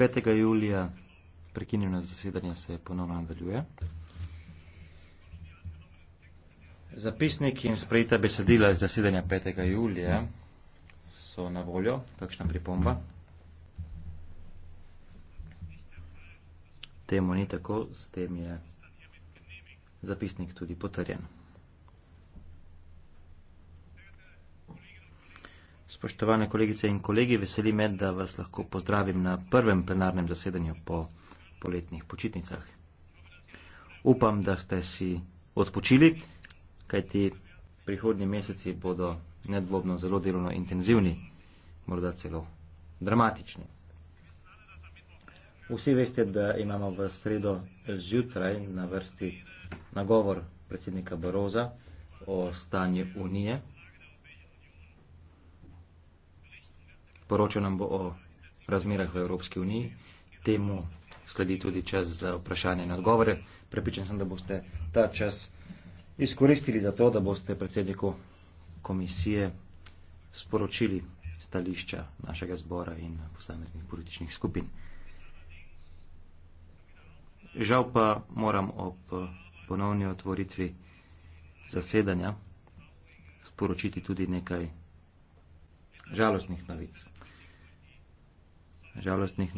5. julija prekinjeno zasedanje se ponovno nadaljuje. Zapisnik in sprejeta besedila iz zasedanja 5. julija so na voljo. Kakšna pripomba? Temu ni tako, s tem je zapisnik tudi potrjen. Spoštovane kolegice in kolegi, veseli me, da vas lahko pozdravim na prvem plenarnem zasedanju po poletnih počitnicah. Upam, da ste si odpočili, kajti prihodnji meseci bodo nedvobno zelo delovno intenzivni, morda celo dramatični. Vsi veste, da imamo v sredo zjutraj na vrsti nagovor predsednika Baroza o stanju Unije, poročal nam bo o razmerah v Evropski uniji. Temu sledi tudi čas za vprašanje in odgovore. Prepričan sem, da boste ta čas izkoristili za to, da boste predsedniku komisije sporočili stališča našega zbora in posameznih političnih skupin. Žal pa moram ob ponovni otvoritvi zasedanja sporočiti tudi nekaj žalostnih novic žalostnih